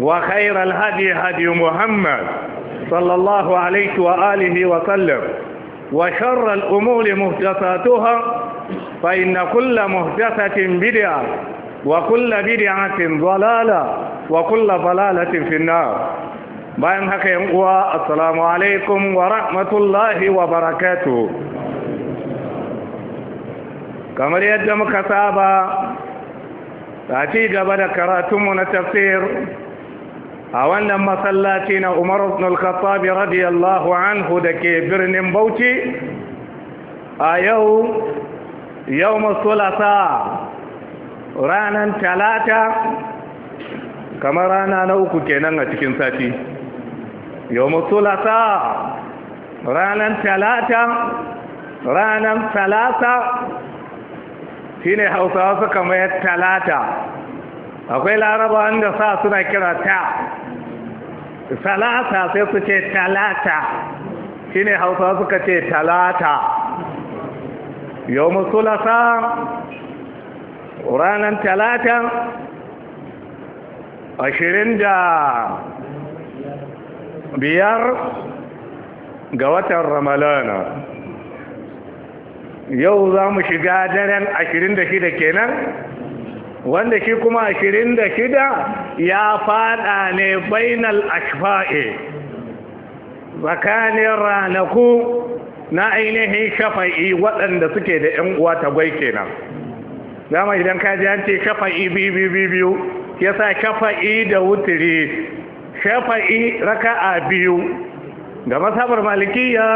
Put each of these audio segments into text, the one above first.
وخير الهدي هدي محمد صلى الله عليه وآله وسلم وشر الأمور مهدساتها فإن كل مهدسة بدعة وكل بدعة ضلالة وكل ضلالة في النار بأن حقا السلام عليكم ورحمة الله وبركاته كما يجمع كتابا تأتي قبل كراتم تفسير a wannan masallaci na umar ibn al-khattab radiyallahu anhu da ke birnin bauchi a yau yau masulasa ranar talata kamar rana na uku kenan a cikin sati yau masulasa ranar talata ranar talata shine hausawa suka mayar talata akwai larabawan da sa suna kira ta salasa sai su ce talata shine hausa suka ce talata yau musulasa ranar talata ashirin da biyar ga watan ramalana yau za mu shiga daren ashirin da shida kenan wanda shi kuma ashirin da shida ya fada ne bainal ashfa'i tsakanin ranaku na ainihin shafa'i waɗanda suke da 'yan uwa ta gwai kenan dama idan ka ji an ce shafa'i biyu biyu ya sa shafa'i da wutiri shafa'i raka'a biyu da masabar malikiya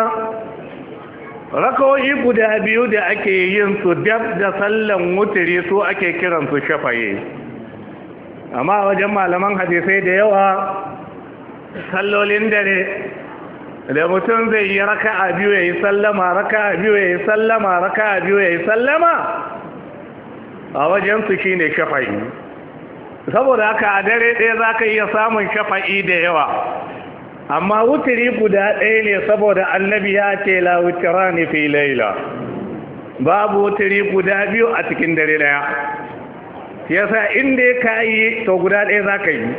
rakawai guda biyu da ake yin su dab da sallan wuturi su ake kiran su shafaye amma wajen malaman hadisai da yawa sallolin dare da mutum zai yi raka'a biyu ya yi sallama raka'a biyu ya yi sallama raka'a biyu ya yi sallama a wajen su shi ne shafa'i saboda haka a dare ɗaya za ka iya samun shafa'i da yawa amma wutiri guda ɗaya ne saboda annabi ya ce la ne fi laila babu wutiri guda biyu a cikin dare daya yasa in dai ka yi to guda ɗaya za ka yi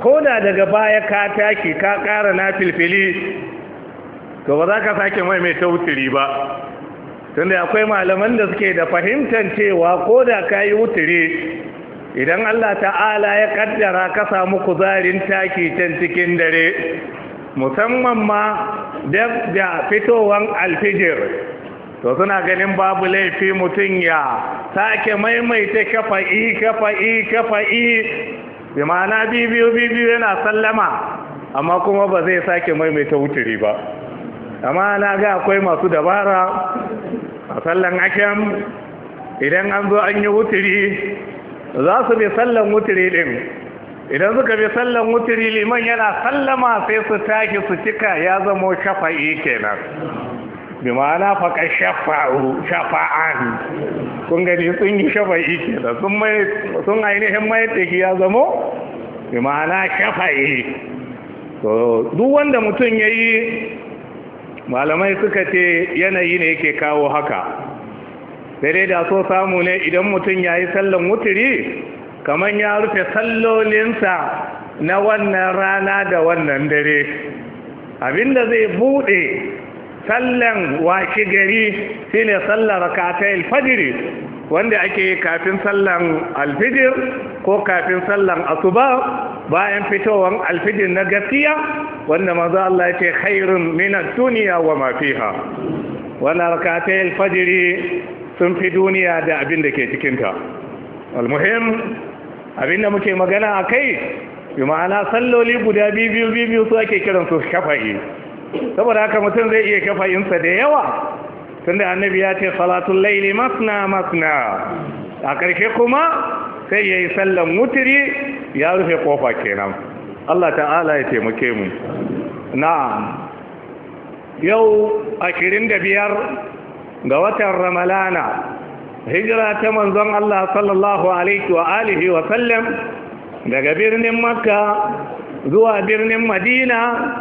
ko da daga baya ka taki ka ƙara na filfili to ba za ka sake mai mai ta wutiri ba tunda akwai malaman da suke da fahimtar cewa ko da ka yi wutiri idan Allah ta'ala ya kaddara ka samu kuzarin taki can cikin dare musamman ma da fitowan alfijir to suna ganin babu laifi mutum ya sake maimaita kafa'i kafa'i kafa'i bi ma'ana bibiyu yana sallama amma kuma ba zai sake maimaita wuturi ba amma na ga akwai masu dabara a sallan akem idan an zo an yi wuturi za su bi sallan wutiri din idan suka bi sallan wutiri liman yana sallama sai su tashi su cika ya zamo shafa'i kenan bi ma'ana faƙa shafa'an kun gani sun yi shafa'i kenan sun ainihin mai da ya zamo bi ma'ana shafa'i to duk wanda mutum ya yi malamai suka ce yanayi ne yake kawo haka Dare da so samu ne idan mutum ya yi sallan wuturi kamar ya rufe sallolinsa na wannan rana da wannan dare abinda zai bude sallan washi gari shine sallar kata fajiri wanda ake kafin sallan alfijir ko kafin sallan asuba bayan fitowar alfijir na gafiya, wanda maza Allah ya ce hairun minar duniya wa mafiha wannan rakatayil fajiri sun fi duniya da abin da ke cikinta almuhim abin da muke magana a kai bi ma'ana salloli guda biyu biyu su ake kiran su shafa'i saboda haka mutum zai iya shafa'insa da yawa tun da annabi ya ce salatun laili masna masna a ƙarshe kuma sai ya yi sallan mutiri ya rufe kofa kenan Allah ta'ala ya taimake mu na'am yau ashirin da biyar ga watan ramalana hijira ta manzon Allah sallallahu alaihi wa alihi wa sallam daga birnin makka zuwa birnin madina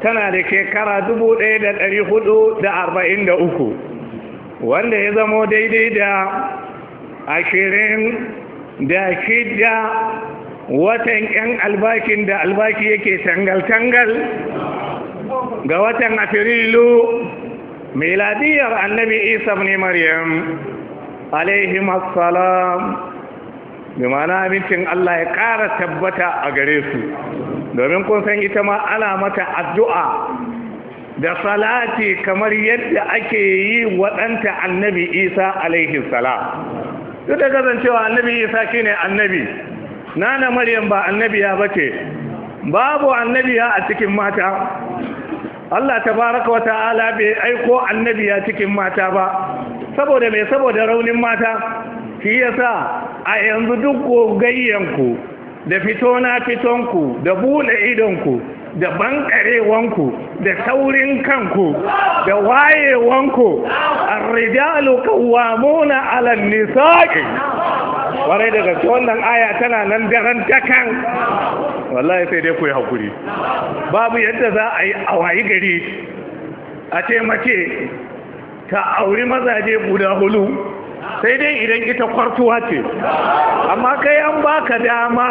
tana da shekara 1443 wanda ya zamo daidai da ashirin da shida watan 'yan albakin da albaki yake tangal-tangal ga watan afirilu miladiyar annabi isa ne maryam alaihim assalam bi ma'ana abincin Allah ya ƙara tabbata a gare su domin kun san ita ma ana mata addu'a da salati kamar yadda ake yi waɗanta annabi isa alaihi salam duk da kasancewa annabi isa shine annabi nana maryam ba annabiya bace babu annabiya a cikin mata Allah tabaraka wa ta'ala bai aiko annabi ya cikin mata ba saboda mai saboda raunin mata shi yasa a yanzu duk gogayyanku da fito na fitonku da buɗe idonku da bankarewanku da saurin kanku da wayewanku arrijalu qawwamuna 'ala an warai da gaske wannan aya tana nan daren dakan wallahi sai dai ku yi hakuri babu yadda za a yi a wayi gari a ce mace ta auri mazaje guda hulu sai dai idan ita kwartuwa ce amma kai an baka dama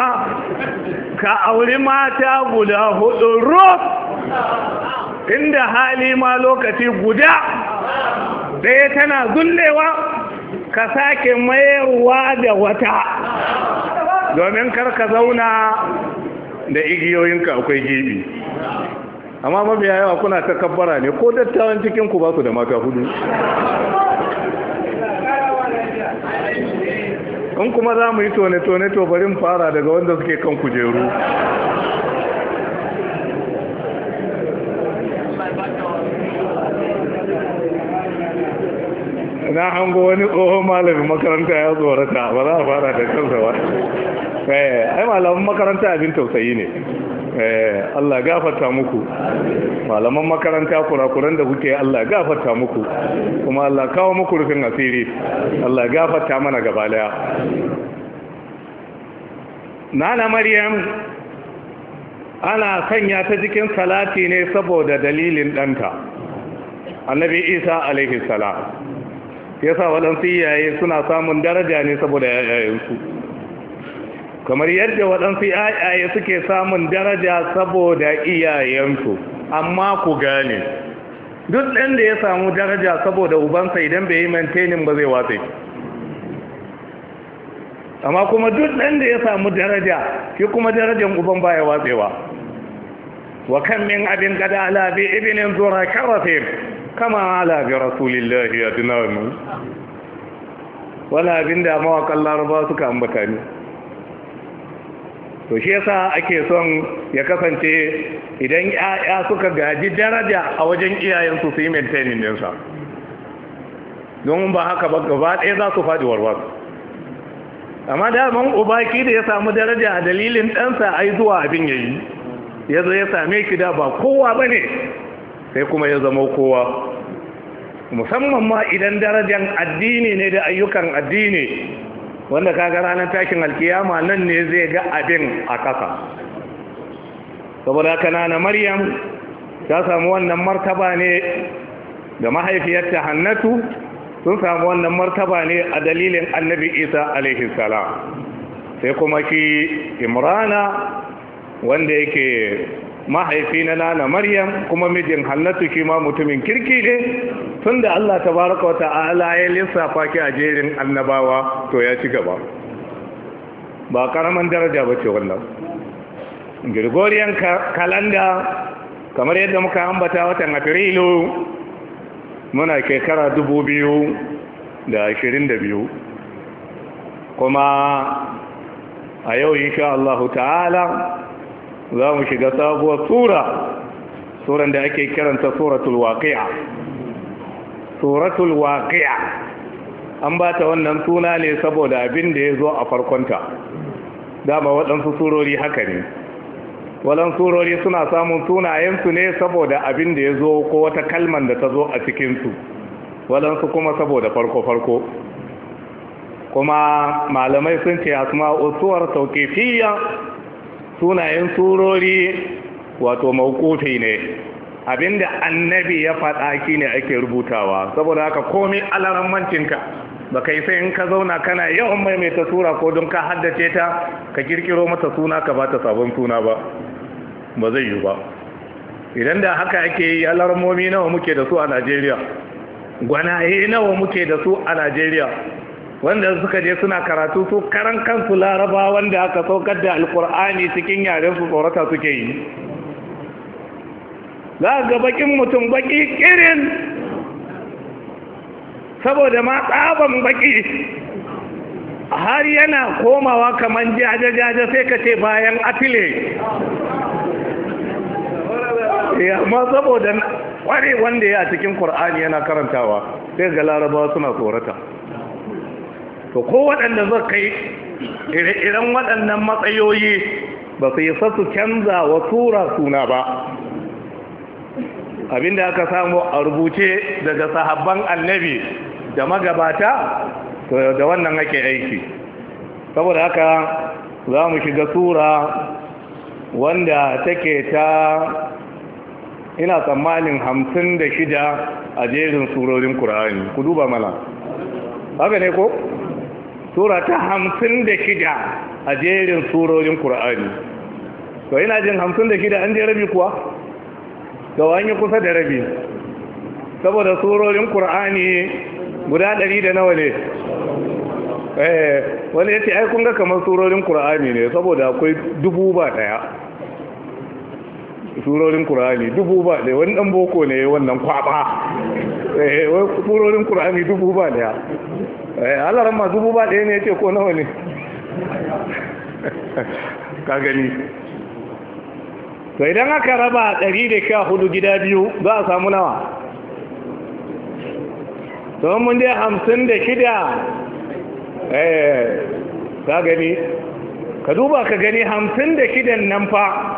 ka auri mata guda hudu rof inda hali ma lokaci guda ɗaya tana zullewa ka sake mayarwa da wata domin kar ka zauna da igiyoyinka akwai gibi amma mabiya yawa kuna ta kabbara ne ko dattawan cikin ku ba su da mata hudu in kuma za mu yi tone-tone to bari fara daga wanda suke kan kujeru na hango wani tsohon malamin makaranta ya tsorata ba za a fara da kansa ba eh, ai malamin makaranta abin tausayi ne eh, Allah gafarta muku malaman makaranta kurakuran da kuke Allah gafarta muku kuma Allah kawo muku rufin asiri Allah gafarta mana gaba daya nana maryam ana sanya ta cikin salati ne saboda dalilin danta, annabi isa alaihi salam Ya sa waɗansu iyaye suna samun daraja ne saboda yayayensu kamar yadda waɗansu ‘ya’yaye suke samun daraja saboda iyayensu amma ku gane duk ɗan da ya samu daraja saboda ubansa idan bai yi mantenin ba zai watsa amma kuma duk ɗan da ya samu daraja shi kuma darajan uban baya watsewa wa kan min abin gada ala bi ibnin zura karafin kama ala bi rasulillahi ya tuna mu wani abin da mawakan laraba suka ambata ne to shi yasa ake son ya kasance idan ya suka gaji daraja a wajen iyayensu su yi maintaining dinsa don ba haka ba gaba ɗaya za su faɗi warwar amma daman ubaki da ya samu daraja a dalilin ɗansa ai zuwa abin yayi ya zo ya same ki da ba kowa ba ne sai kuma ya zama kowa musamman ma idan darajan addini ne da ayyukan addini wanda kaga ranar takin alkiyama nan ne zai ga abin a kasa. saboda kanana maryam ta samu wannan martaba ne da mahaifiyarta hannatu sun samu wannan martaba ne a dalilin annabi isa alaihi salam sai kuma ki imrana wanda yake mahaifi na nana maryam kuma mijin hannatu shi ma mutumin kirki ne tun da allah ta baraka wata ala ya lissafa ki a jerin annabawa to ya ci gaba ba karaman daraja ba ce wannan gregorian kalanda kamar yadda muka ambata watan afrilu muna shekara dubu biyu da ashirin da biyu kuma a yau insha allahu ta'ala za mu shiga sabuwar tsura, tsoron da ake kiranta suratul waqi'a suratul waƙi'a an ba ta wannan suna ne saboda abin da ya zo a farkonta dama waɗansu surori haka ne waɗansu surori suna samun sunayensu ne saboda abin da ya zo ko wata kalman da ta zo a cikinsu waɗansu kuma saboda farko-farko kuma malamai sun ce asma'u suwar tauƙifiyya sunayen surori wato maukufi ne abinda annabi ya faɗa ne ake rubutawa saboda haka komai alarammancinka ba kai sai in ka zauna kana yawan maimaita sura ko don ka haddace ta ka kirkiro mata suna ka bata sabon suna ba ba zai yi ba idan da haka ake yi alarmomi nawa muke da su a Najeriya gwanaye nawa muke da su a Najeriya wanda suka je suna karatu su karan kansu laraba wanda aka saukar da alkur'ani cikin yaren su tsorata suke yi za ga bakin mutum baki kirin saboda ma tsaban baki har yana komawa kamar jajajaja sai ka ce bayan atile eh, amma saboda kware wanda ya cikin Kur'ani yana karantawa sai ga larabawa suna tsorata to ko waɗanda zai kai ire-iren waɗannan matsayoyi ba su yi su canza wa tura suna ba abinda aka samu a rubuce daga sahabban annabi da magabata to da wannan ake aiki saboda haka za mu shiga tura wanda take ta ina tsammanin hamsin da shida a jerin surorin ƙura'ani ku duba mana haka ne ko? sura ta hamsin da shida a jerin surorin Kur'ani, to ina jin hamsin da shida an je rabi kuwa da wani kusa da rabi saboda surorin Kur'ani guda ɗari da nawa ne eh, wani ya ce ai kun ga kamar surorin Kur'ani ne saboda akwai dubu ba ɗaya surorin Kur'ani dubu ba ɗaya wani ɗan boko ne wannan kwaɓa eh, surorin Kur'ani dubu ba ɗaya halaran eh, masu buba ɗaya ne ya ce ko nawa ne ka gani to idan aka raba ɗari da sha hudu gida biyu za a samu nawa to mun dai hamsin da shida eh, ka gani ka duba ka gani hamsin da shidan nan fa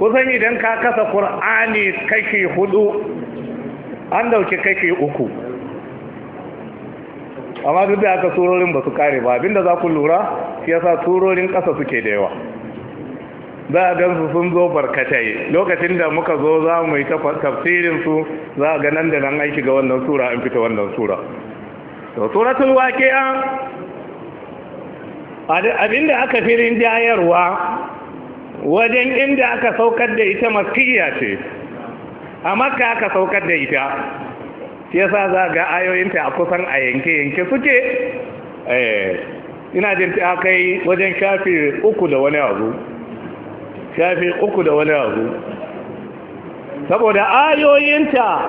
kusan idan ka kasa ƙur'ani kashi hudu an dauki kashi uku amma duk da aka surorin ba su kare ba abinda za ku lura shi yasa surorin ƙasa suke da yawa za a gansu sun zo barkatai lokacin da muka zo za mu yi tafsirin su za a ga nan da nan aiki ga wannan sura an fita wannan sura to suratul waqi'a abinda aka firin jayarwa wajen inda aka saukar da ita maskiya ce a makka aka saukar da ita shi yasa za ga ayoyinta a kusan a yanke-yanke suke eh, ina jin ta kai wajen shafi uku da wani abu shafi uku da wani abu saboda ayoyinta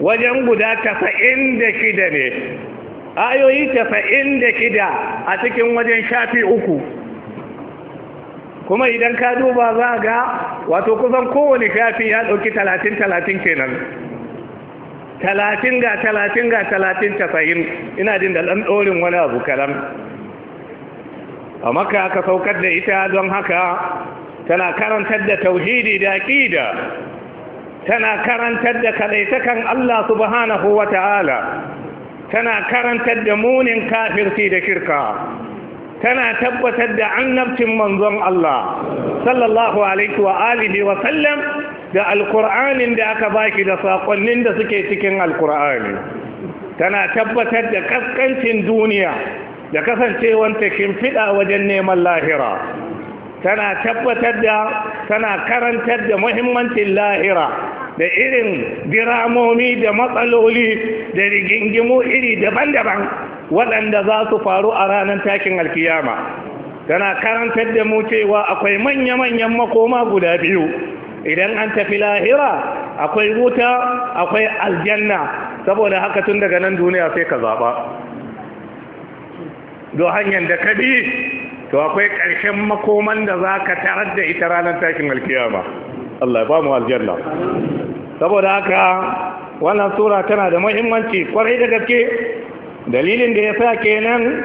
wajen guda tasa'in da shida ne ayoyi tasa'in da shida a cikin wajen shafi uku kuma idan ka duba za ga wato kusan kowane shafi ya ɗauki talatin talatin kenan talatin ga talatin ga talatin tafayin ina jin da ɗan ɗorin wani abu kalam a maka aka saukar da ita don haka tana karantar da tauhidi da aƙida tana karantar da kalaitakan Allah subhanahu wa ta'ala tana karantar da munin kafirci da shirka tana tabbatar da annabcin manzon Allah sallallahu alaihi wa alihi wa sallam da alkur'anin da aka baki da sakonnin da suke cikin alkur'ani tana tabbatar da kaskancin duniya da kasancewanta fiɗa wajen neman lahira tana tabbatar da tana karantar da muhimmancin lahira da irin diramomi da matsaloli da rigingimu iri daban-daban waɗanda za su faru a ranar takin alkiyama tana karantar da mu cewa akwai manya-manyan makoma guda biyu idan an tafi lahira akwai wuta akwai aljanna saboda haka tun daga nan duniya sai ka zaɓa do hanyar da ka to akwai ƙarshen makoman da za ka tarar da ita ranar takin alkiyama Allah ya ba mu aljanna saboda haka wannan sura tana da muhimmanci kwarai da gaske dalilin da ya sa kenan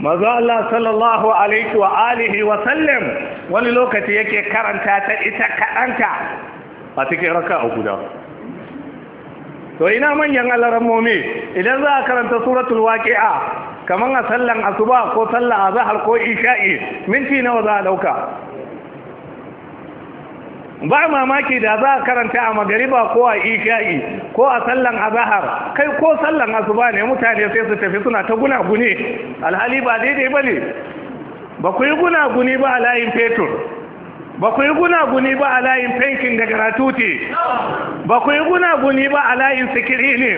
Maza Allah sallallahu alaihi wa alihi wa sallam wani lokaci yake karanta ta ita kaɗanta a cikin raka a guda to ina manyan alarammomi idan za a karanta suratul waƙi'a kamar a sallan asuba ko sallan azahar ko isha'i minti nawa za a ɗauka ba mamaki da za a karanta a magariba ko a isha'i ko a sallan azahar kai ko sallan asuba ne mutane sai su tafi suna ta gunaguni, alhali ba daidai ba ne ba ku yi gunaguni ba a layin fetur ba ku yi gunaguni ba a layin fenkin da garatuti ba ku yi gunaguni ba a layin sikiri ne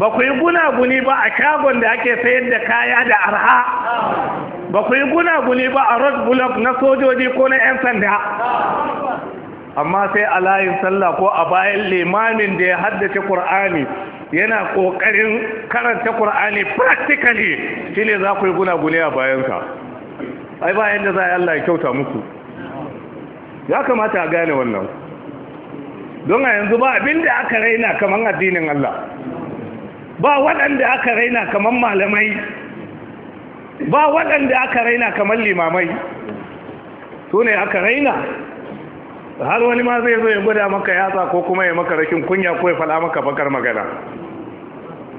ba ku yi gunaguni ba a shagon da ake sayar da kaya da arha ba ku yi gunaguni ba a road block na sojoji ko na 'yan sanda amma sai a layin sallah ko a bayan limamin da ya haddace Kur'ani yana ƙoƙarin karanta Kur'ani practically shi ne za ku yi gunagune a bayansa ai bayan da za a Allah ya kyauta muku ya kamata a gane wannan don a yanzu ba abin da aka raina kamar addinin Allah ba waɗanda aka raina kamar malamai ba waɗanda aka raina kamar limamai su ne aka raina har wani ma zai zo ya gwada maka yatsa ko kuma ya maka rakin kunya ko ya fada maka bakar magana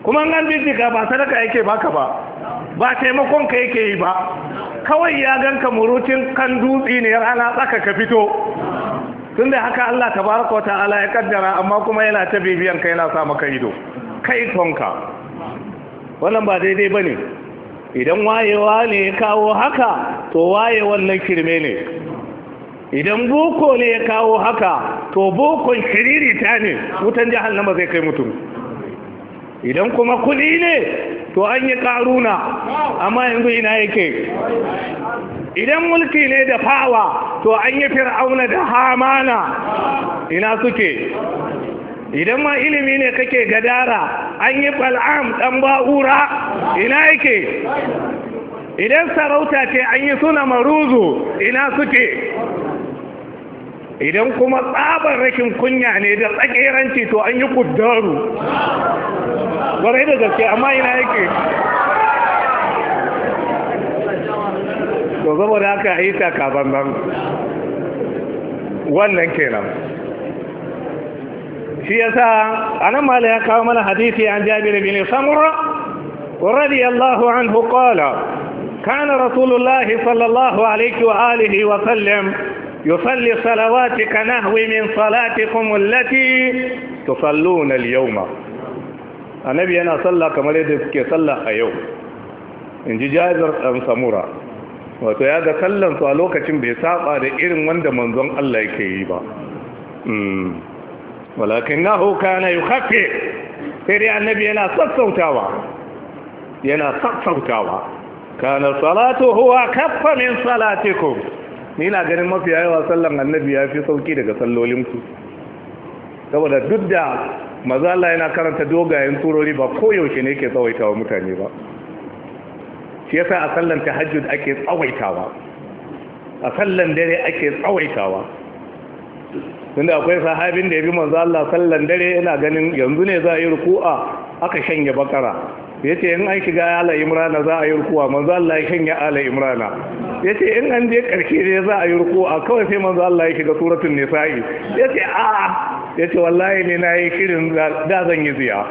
kuma an bincika ba sadaka yake baka ba ba taimakon ka yake yi ba kawai ya ganka murucin kan dutsi ne rana tsaka ka fito tun da haka Allah tabaraka ta'ala ya kaddara amma kuma yana ta bibiyan ka yana sa maka ido kai tonka wannan ba daidai bane idan wayewa ne ya kawo haka to wayewan nan kirme ne idan boko ne ya kawo haka to bokon ta ne wutan jahannama zai kai mutum idan kuma kudi ne to an yi karuna amma yanzu ina yake idan mulki ne da fawa to an yi fir'auna da hamana ina suke idan ma ilimi ne kake gadara an yi bal'am dan ba'ura ina yake idan sarauta ce an yi suna maruzu ina suke idan kuma tsabar rashin kunya ne da tsakeranci to an yi kuddaru ƙwarai da gaske amma ina yake to saboda aka yi takaban nan wannan kenan shi yasa anan mala ya kawo mana hadisi an jabir bin samura Allahu anhu qala kana rasulullahi sallallahu alaihi wa alihi wa sallam yusalli salawati ka nahwi min salatikum allati tusalluna al-yawma annabi yana sallah kamar yadda suke sallah a yau Inji ji jazar samura wato ya ga su a lokacin bai saba da irin wanda manzon Allah yake yi ba walakin na hauka na yi haƙe sai dai annabi yana sassautawa yana sassautawa kana salatu huwa kaffa min salatikum ni na ganin mafi yawa sallan annabi ya fi sauki daga sallolinku saboda duk da mazala yana karanta dogayen turori ba koyaushe ne ke tsawaita wa mutane ba shi yasa a sallan tahajjud ake tsawaitawa a sallan dare ake tsawaitawa da akwai sahabin da ya bi manzo sallan dare yana ganin yanzu ne za a yi ruku'a aka shanye bakara ya ce in an shiga ala imrana za a yi rukuwa manzo Allah ya kanya ala imrana ya ce in an je karshe ne za a yi rukuwa kawai sai manzo Allah ya shiga suratun nisa'i ya ce a ya ce wallahi ne na yi shirin da zan yi ziya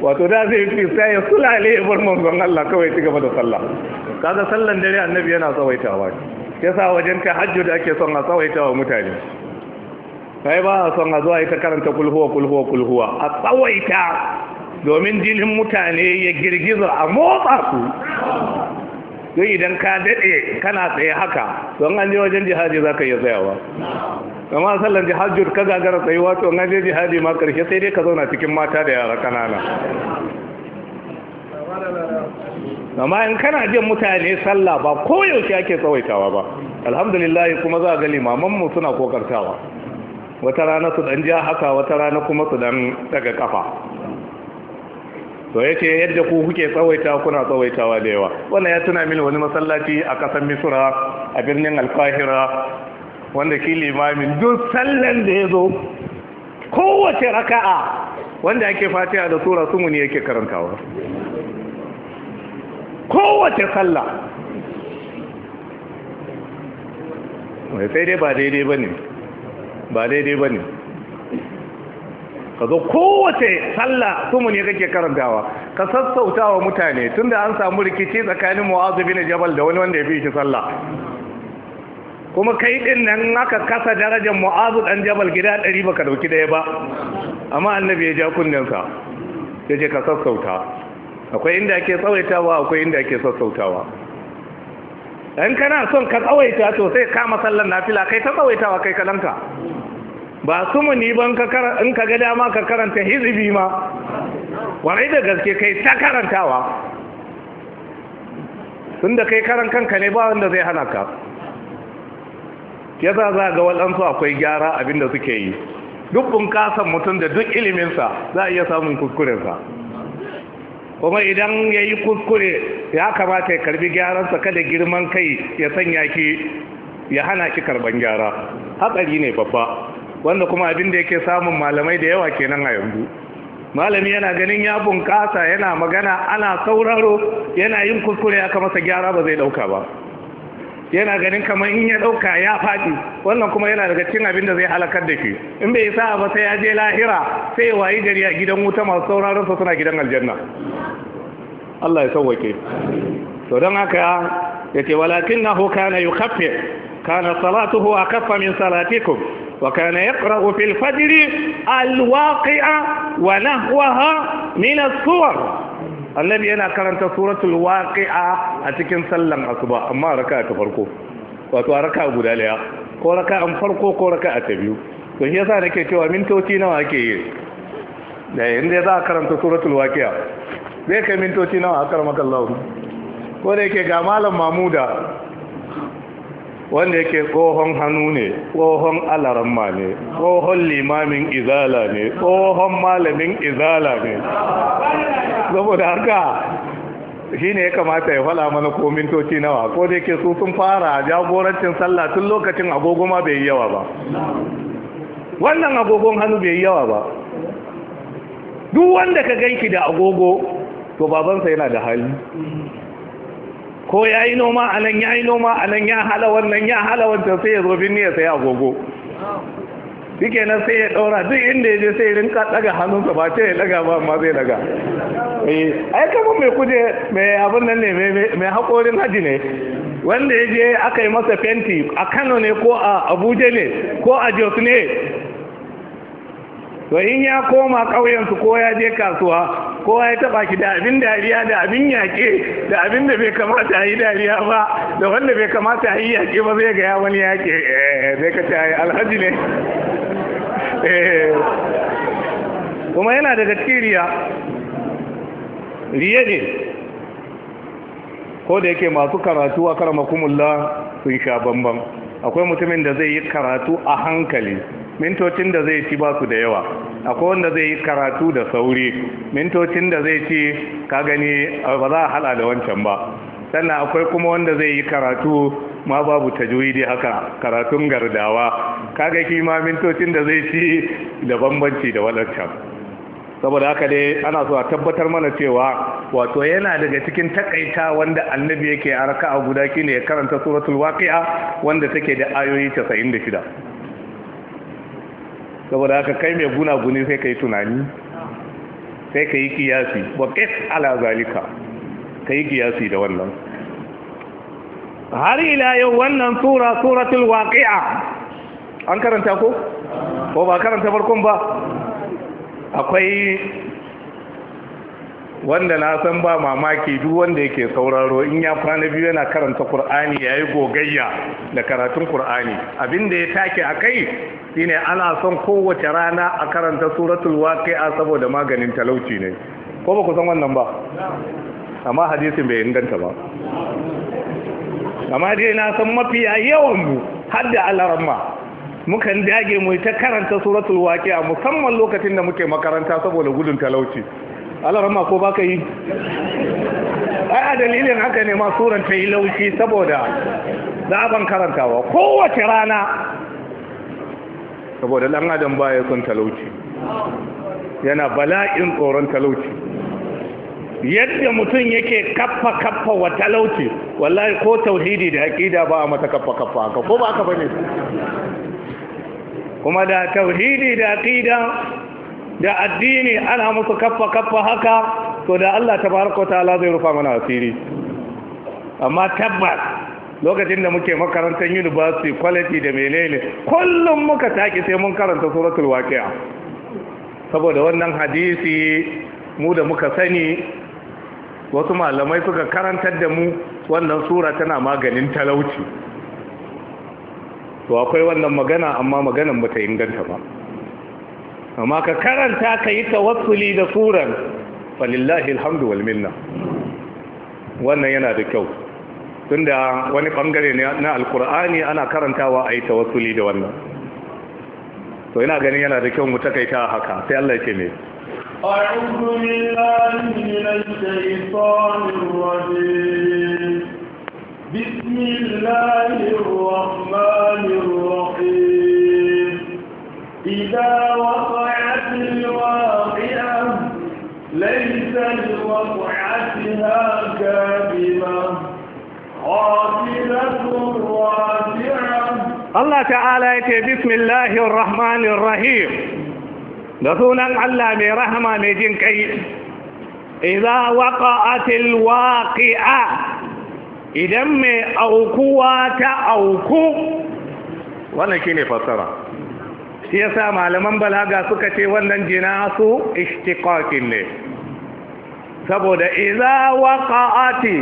wato da zai fi sai ya sulale ya bar manzon Allah kawai ci gaba da sallah kaga sallan dare annabi yana tsawaitawa yasa wajen da ake son a tsawaitawa mutane sai ba a son a zuwa ita karanta kulhuwa kulhuwa kulhuwa a tsawaita domin jinin mutane ya girgiza a motsa su don idan ka daɗe kana tsaye haka don an je wajen jihadi za ka iya tsayawa amma sallan jihajjur ka gagara tsayuwa to an je jihadi ma karshe sai dai ka zauna cikin mata da yara kanana amma in kana jin mutane sallah ba koyaushe ake tsawaitawa ba alhamdulillah kuma za a ga mu suna kokartawa wata rana su dan ja haka wata rana kuma su dan daga kafa to ce yadda ku kuke tsawaita kuna tsawaitawa da yawa wannan ya tuna mini wani masallaci a kasar misra a birnin alfahira wanda ki limamin duk sallan da ya zo kowace raka'a wanda ake fatiha da tura sumu ne yake karantawa kowace sallah sai dai ba daidai ba ne ba daidai ba ne ka zo kowace sallah su mu ne kake karantawa ka sassauta wa mutane tunda an samu rikici tsakanin mu'azu bin jabal da wani wanda ya fi shi sallah kuma kai din nan aka kasa darajar mu'azu dan jabal gida ɗari baka dauki ɗaya ba amma annabi ya ja sa ya ce ka sassauta akwai inda ake tsawaitawa akwai inda ake sassautawa dan kana son ka tsawaita to sai kama sallar nafila kai ta tsawaitawa kai kalanta ba su mu ni ban in ka ga dama ka karanta hizibi ma warai da gaske kai ta karantawa tun da kai karan kanka ne ba wanda zai hana ka ya za za ga waɗansu akwai gyara abinda suke yi duk bunƙasan mutum da duk iliminsa za a iya samun kuskurensa kuma idan ya yi kuskure ya kamata ya karbi gyaransa kada girman kai ya sanya ki ya hana ki karban gyara hatsari ne babba wanda kuma abin da yake samun malamai da yawa kenan a yanzu malami yana ganin ya bunƙasa yana magana ana sauraro yana yin kuskure aka masa gyara ba zai ɗauka ba yana ganin kamar in ya ɗauka ya faɗi wannan kuma yana daga cikin abin da zai halakar da shi in bai sa ba sai ya je lahira sai ya wayi gari a gidan wuta masu sauraron sa suna gidan aljanna Allah ya sauwake to don haka Yake walakin yace walakinahu kana yukhaffif kana salatuhu akaffa min salatikun wa kana yaqra'u fil fajr alwaqi'a wa nahwaha min as-suwar annabi yana karanta suratul waqi'a a cikin sallan asuba amma raka ta farko wato raka guda daya ko raka an farko ko raka a ta biyu to shi yasa nake cewa mintoci nawa ake yi da inda za a karanta suratul waqi'a zai kai mintoci nawa a karamakallahu wanda yake ga malam mamuda wanda yake kohon hannu ne kohon alaramma ne kohon limamin izala ne kohon malamin izala ne saboda haka shi ne ya kamata ya fala mana ko mintoci nawa ko da yake su sun fara jagorancin sallah tun lokacin agogo ma bai yawa ba wannan agogon hannu bai yawa ba duk wanda ka ganki da agogo to babansa yana da hali ko ya yi noma a nan ya yi noma a nan ya hala wannan ya hala wancan sai ya zo bin ya sai agogo shi sai ya ɗaura duk inda ya je sai ya rinka ɗaga hannunsa ba ce ya ɗaga ba ma zai ɗaga ai kamar mai kuje mai abin nan ne mai haƙorin haji ne wanda ya je aka yi masa fenti a kano ne ko a abuja ne ko a jos ne to in ya koma ƙauyensu ko ya je kasuwa kowa ya taba ki da abin dariya da abin yaƙe da abin da bai kamata a yi dariya ba da wanda bai kamata a yi yaƙe ba zai ga ya wani yaƙe zai eh, ka ta yi alhaji ne eh, kuma yana da cikin riya riye ne ko da yake masu karatu a karamakumullah sun sha bambam akwai mutumin da zai yi karatu a hankali mintocin da zai ci ba su da yawa akwai wanda zai yi karatu da sauri mintocin da zai ci ka gani ba za a hada da wancan ba sannan akwai kuma wanda zai yi karatu ma babu juyi haka karatun gardawa ka kaga kima mintocin da zai ci da bambanci da wadancan saboda haka dai ana so a tabbatar mana cewa wato yana daga cikin takaita wanda annabi yake a guda shine ya karanta suratul waqi'a wanda take da ayoyi 96 saboda haka kai mai guna-guni sai ka yi tunani sai ka yi kiyasi waƙis ala zalika ka yi kiyasi da wannan har ila yau wannan tura suratul waƙi'a an karanta ko? ko ba karanta farkon ba akwai wanda na san ba mamaki duk wanda yake sauraro in ya kwana biyu yana karanta Kur'ani ya yi gogayya da karatun Kur'ani abinda ya take a kai shine ana son kowace rana a karanta suratul waqi'a saboda maganin talauci ne ko ba ku san wannan ba amma hadisin bai inganta ba amma dai na san mafiya yawan mu har da alarma mukan dage mu ta karanta suratul waqi'a musamman lokacin da muke makaranta saboda gudun talauci alarama ko baka yi ai a dalilin haka ne ma suran ta yi laushi saboda zaben karantawa kowace rana saboda dan adam baya son talauci yana bala'in tsoron talauci yadda mutum yake kaffa kaffa wa talauci wallahi ko tauhidi da aqida ba a mata kaffa kaffa haka ko ba haka bane kuma da tauhidi da aqida da addini ana musu kaffa kaffa haka to da Allah ta ta Allah zai rufa mana asiri amma tabbas lokacin da muke makarantar university quality da menene kullum muka taki sai mun karanta suratul waqi'a saboda wannan hadisi mu da muka sani wasu malamai suka karantar da mu wannan sura tana maganin talauci to akwai wannan magana amma maganan ta inganta ba amma ka karanta ka yi tawassuli da surar falillahi alhamdu wal minna wannan yana da kyau tunda wani bangare ne na alkur'ani ana karantawa a yi tawassuli da wannan to yana ganin yana da kyau mu takaita haka sai Allah yake ne أعوذ بالله من الشيطان الرجيم بسم الله الرحمن الرحيم إذا وقعت الواقعة ليس لوقعتها كاذبة قاتلة رافعة الله تعالى يتي بسم الله الرحمن الرحيم دسونا الله من رحمة من جنك إذا وقعت الواقعة إذا ما أوكوا تأوكوا وانا كيني fassara shi yasa malaman balaga suka ce wannan jinasu ishtiqaqin ne saboda idza waqa'ati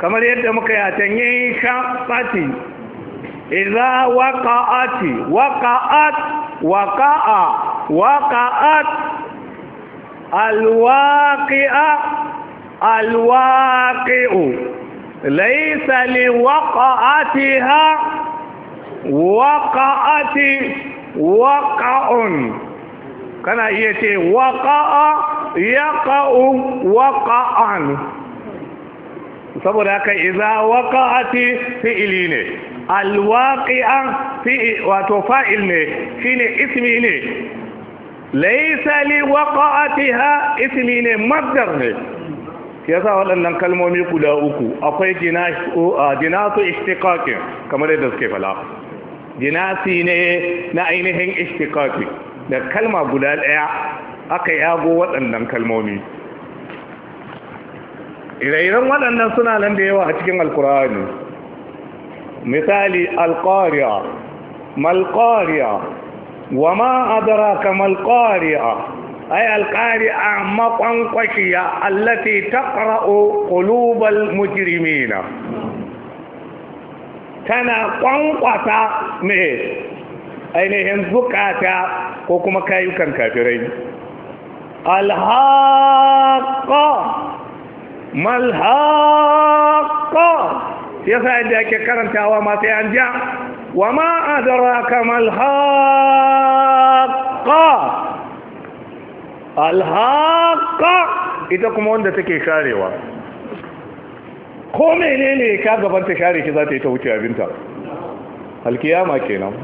kamar yadda muka yi a canye shaqati idza waqa'ati waqa'at waqa'a waqa'at alwaqi'a alwaqi'u laysa liwaqa'atiha waqa'ati waƙa'un kana iya ce waƙa'a ya ƙa'un waƙa'an saboda haka iza waƙa'ati fi'ili ne alwaƙi'a wato fa'il ne shine ismi ne waƙa'a li ha ismi ne maddar ne yasa waɗannan kalmomi guda uku akwai jina jinasu ishtiqaqin kamar yadda suke fala jinasi ne na ainihin ishtiqaqi da kalma guda ɗaya aka yago waɗannan kalmomi ire-iren waɗannan suna nan da yawa a cikin alkur'ani misali alƙariya malƙariya wa ma adraka ai ay alƙari'a makwankwashiya ta taqra'u ƙulubal mujirimina Tana ƙwanƙwata ne ainihin zukata ko kuma kayukan kafirai alhaƙa malhaƙa ya sa yadda ake karantawa masu yan ja wa ma ka malhaƙa alhaƙa ita kuma wanda take sharewa ko ne ka gaban ta share shi za ta yi ta wuce abinta alkiyama kenan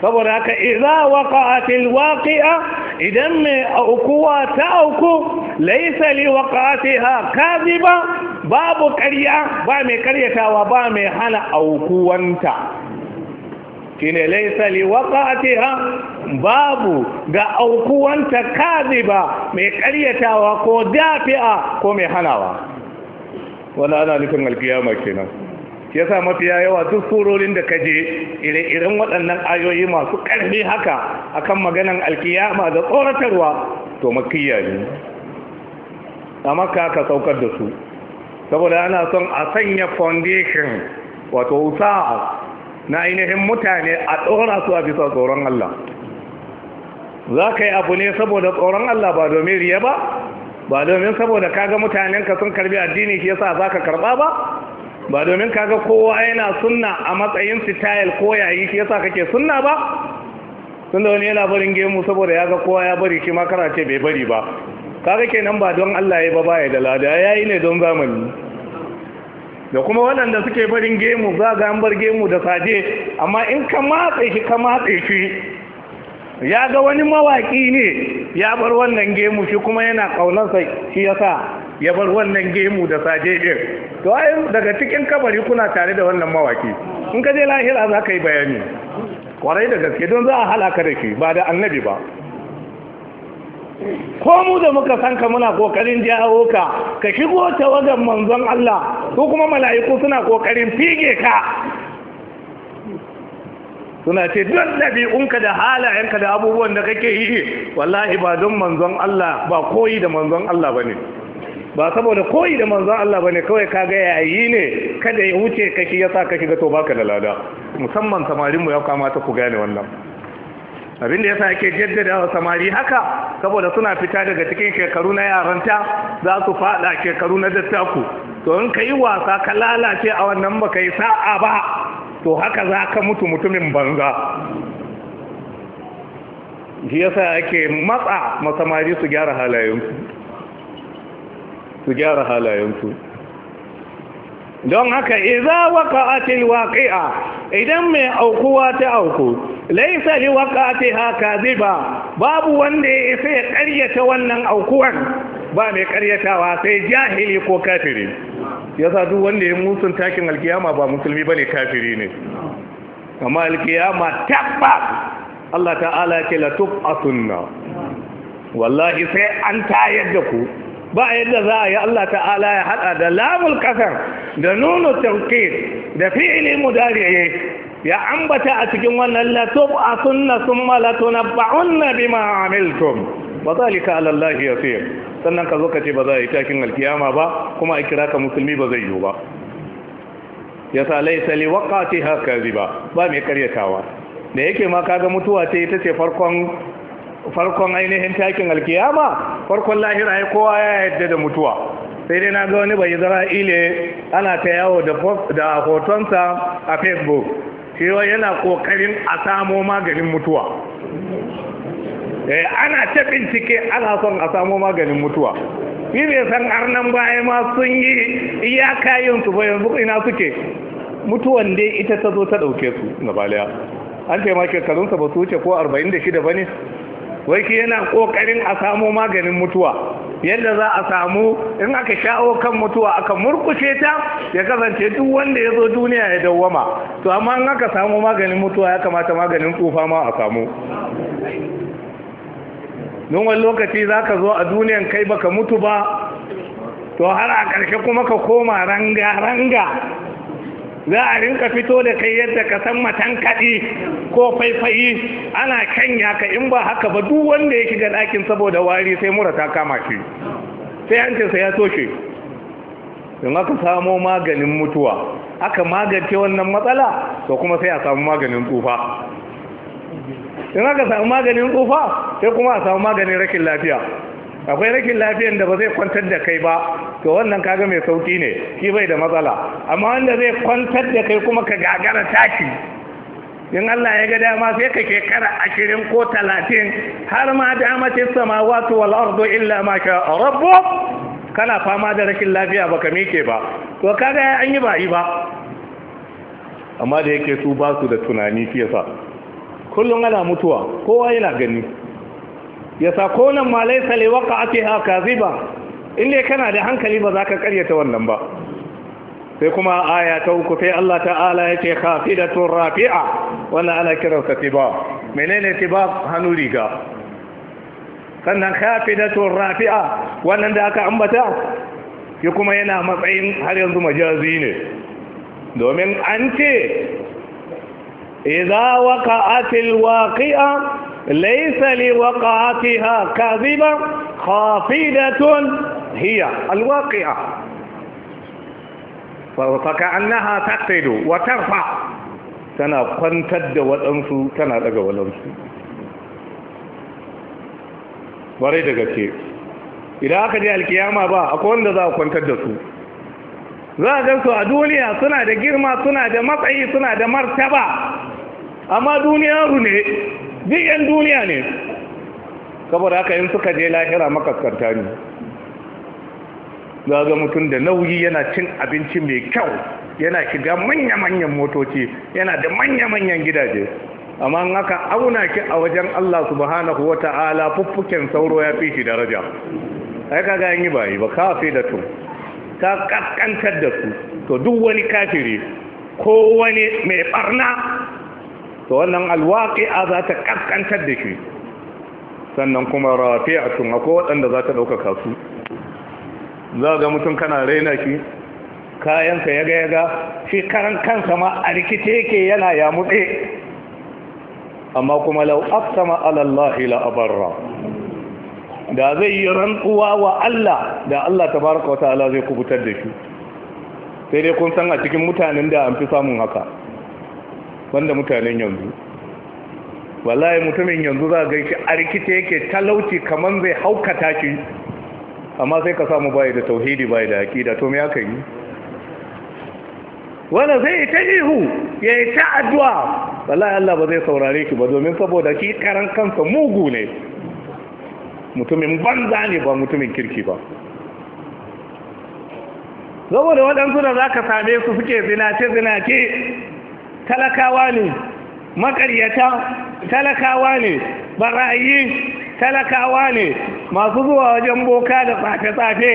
saboda haka idza waqa'atil waqi'a idan mai aukuwa ta auku laysa li waqa'atiha ba, babu ƙarya ba mai ƙaryatawa ba mai hana aukuwanta shine laysa li waqa'atiha babu ga aukuwanta ba, mai ƙaryatawa ko dafi'a ko mai hanawa wani ana nufin alkiyama kenan ya sa mafiya yawa duk surorin da ka ire-iren waɗannan ayoyi masu ƙarfi haka akan maganan alkiyama da tsoratarwa to makiyya ne a maka ka saukar da su saboda ana son a sanya foundation wato sa'a na ainihin mutane a ɗora su a bisa tsoron Allah za ka yi abu ne saboda tsoron Allah ba domin riya ba ba domin saboda kaga ka sun karbi addini shi yasa zaka karba ba ba domin kaga kowa yana sunna a matsayin style ko yayi shi yasa kake sunna ba da wani yana barin gemu saboda yaga kowa ya bari shi ma karace bai bari ba kaga kenan ba don Allah ya ba baya da ya yayi ne don zamani da kuma waɗanda suke barin gemu za ga an bar gemu da saje amma in ka matse shi ka matse shi ya ga wani mawaƙi ne ya bar wannan gemu shi kuma yana ƙaunarsa shi ya sa ya bar wannan gemu da saje ɗin to ai daga cikin kabari kuna tare da wannan mawaƙi in ka je lahira za ka yi bayani kwarai da gaske don za a halaka da shi ba da annabi ba ko mu da muka san ka muna kokarin jawo ka ka shigo ta wajen manzon Allah ko kuma mala'iku suna kokarin fige ka suna ce don ɗabi'unka da halayenka da abubuwan da kake yi wallahi ba don manzon Allah ba koyi da manzon Allah ba ne ba saboda koyi da manzon Allah ba ne kawai ka ga yayi ne kada ya wuce ka shi ya sa ka shiga to baka da lada musamman samarinmu ya kamata ku gane wannan abin da yasa ake jaddada wa samari haka saboda suna fita daga cikin shekaru na yaranta za su faɗa shekaru na dattaku to in ka yi wasa ka lalace a wannan baka yi sa'a ba to haka za ka mutu mutumin banza shi yasa ake matsa masamari su gyara halayensu su gyara halayensu don haka iza waka atil waƙi'a idan mai aukuwa ta auku laisa li waqa'ati haka ba. babu wanda ya isa ya ƙaryata wannan aukuwan ba mai ƙaryatawa sai jahili ko kafiri yasa duk wanda ya musun takin alkiyama ba musulmi bane kafiri ne amma alkiyama tabba Allah ta'ala ce a tub'asunna wallahi sai an tayar da ku ba yadda za a yi Allah ta'ala ya hada da lamul kasar da nuna tawqid da fi'li mudari'i ya ambata a cikin wannan la tub'asunna thumma la tunabba'unna bima amiltum wa dhalika 'ala Allah yasir sannan ka zo ka ce ba za a yi takin alkiyama ba kuma a kira ka musulmi ba zai yiwu ba ya sa laisa li waqati hakaziba ba mai karyatawa da yake ma kaga mutuwa ce ita ce farkon farkon ainihin takin alkiyama farkon lahira ya kowa ya yadda da mutuwa sai dai na ga wani bai ile ana ta yawo da hotonsa a facebook cewa yana kokarin a samo maganin mutuwa Eh, ana ta bincike ana son a samu maganin mutuwa Yi ne san arnan baya ma sun yi iya yin su bayan ina suke mutuwan dai ita ta zo ta ɗauke su na baliya an ce ma ba su wuce ko 46 ba ne wai shi yana ƙoƙarin a samu maganin mutuwa yadda za a samu in aka sha'o kan mutuwa aka murkushe ta ya kasance duk wanda ya zo duniya ya dawwama to amma in aka samu maganin mutuwa ya kamata maganin tsufa ma a samu Noman lokaci za ka zo a duniyan kai baka mutu ba to har a ƙarshe kuma ka koma ranga-ranga za a rinka fito da kai yadda ka san matan kaɗi ko faifayi ana kanya ka in ba haka ba duk wanda ya shiga ɗakin saboda wari sai mura ta kama shi sai hancinsa ya toshe in aka samo maganin mutuwa aka magance wannan matsala to kuma sai a samu maganin tsufa in aka samu maganin tsufa sai kuma a samu maganin rakin lafiya akwai rakin lafiyan da ba zai kwantar da kai ba to wannan kaga mai sauki ne shi bai da matsala amma wanda zai kwantar da kai kuma ka gagara tashi in Allah ya ga dama sai ka kara ashirin ko talatin har ma sama wato wal ardu illa ma sha rabbu kana fama da rakin lafiya baka mike ba to kaga an yi ba yi ba amma da yake su ba su da tunani fiye sa. kullum ana mutuwa kowa yana gani ya sako nan ma laisa li waqa'atiha ziba inda kana da hankali ba za ka karyata wannan ba sai kuma aya ta uku sai Allah ta'ala Ya ce da tun rafi'a wanda ana kiransa tibab menene tibab hannu riga sannan tun rafi'a wannan da aka ambata ya kuma yana matsayin har yanzu majazi ne domin an ce إذا وقعت الواقعة ليس لوقعتها كاذبة خافدة هي الواقعة فكأنها تقتل وترفع تنا قنتد والأمس تنا لقى والأمس وريد كثير إذا أخذ الكيامة با أقول لذا قنتد za a gansu a duniya suna da girma suna da matsayi amma duniya ne biyan duniya ne saboda haka in suka je lahira makaskarta ne za ga mutum da nauyi yana cin abinci mai kyau yana shiga manya-manyan motoci yana da manya-manyan gidaje amma in aka auna ki a wajen Allah subhanahu wa ta'ala fuffuken sauro ya fi shi daraja ai ka ga yi bai ba kafi da tun ka kaskantar da su to duk wani kafiri ko wani mai barna to wannan alwaqi'a za ta kaskantar da shi sannan kuma rafi'atun akwai waɗanda za ta ɗaukaka su za ga mutum kana raina shi kayansa ya yaga ya ga shi karan kansa ma a rikice yake yana ya mutse amma kuma lau aqsama ala Allah la abarra da zai yi rantsuwa wa Allah da Allah tabaraka wa ta'ala zai kubutar da shi sai dai kun san a cikin mutanen da an fi samun haka wanda mutanen yanzu wallahi mutumin yanzu za ga shi a yake talauci kaman zai haukata shi amma sai ka samu bai da tauhidi bai da aqida to me aka yi wala zai ta ihu ya yi ta addu'a wallahi Allah ba zai saurare ki ba domin saboda ki karan kansa mugu ne mutumin banza ne ba mutumin kirki ba saboda waɗansu da za ka same su suke zinace zinace talakawa ne makaryata talakawa ne barayi talakawa ne masu zuwa wajen boka da tsafe-tsafe